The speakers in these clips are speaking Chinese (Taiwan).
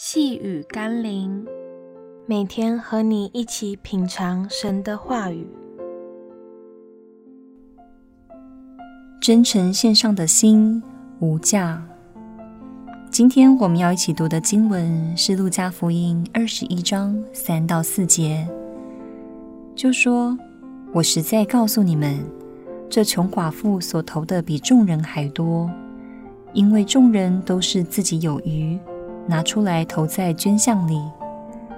細語甘霖，每天和你一起品嚐神的話語，真誠獻上的心無價。今天我們要一起讀的經文是《路加福音》二十一章三到四節，就說：“我實在告訴你們，這窮寡婦所投的比眾人還多，因為眾人都是自己有餘。”拿出來投在捐項裡，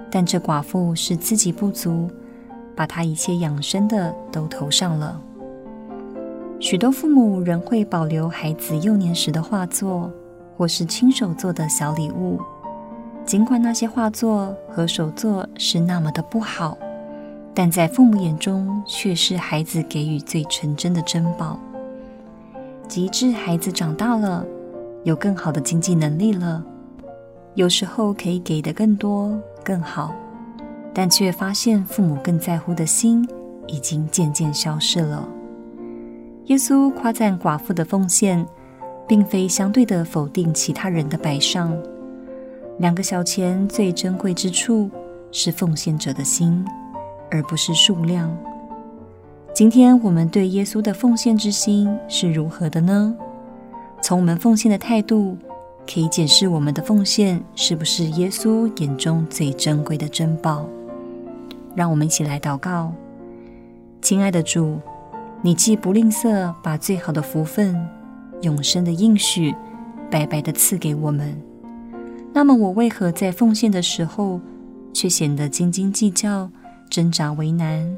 但這寡婦是自己不足，把她一切養生的都投上了。許多父母仍會保留孩子幼年時的畫作，或是親手做的小禮物，盡管那些畫作和手作是那麼的不好，但在父母眼中卻是孩子給予最純真的珍寶。及至孩子長大了，有更好的經濟能力了。有時候可以給的更多、更好，但卻發現父母更在乎的心已經漸漸消失了。耶穌誇讚寡婦的奉獻，並非相對地否定其他人的擺上。兩個小錢最珍貴之處是奉獻者的心，而不是數量。今天我們對耶穌的奉獻之心是如何的呢？從我們奉獻的態度。可以檢視我們的奉獻是不是耶穌眼中最珍貴的珍寶。讓我們一起來禱告，親愛的主，你既不吝嗇把最好的福分、永生的應許白白地賜給我們，那麼我為何在奉獻的時候卻顯得斤斤計較、掙扎為難？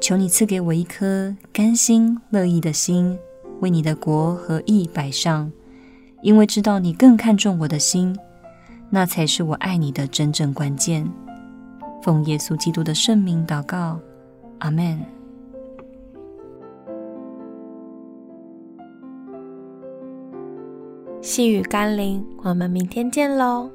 求你賜給我一顆甘心樂意的心，為你的國和義擺上。因為知道你更看重我的心，那才是我愛你的真正關鍵。奉耶穌基督的聖名禱告，阿門。細語甘霖，我們明天見嘍。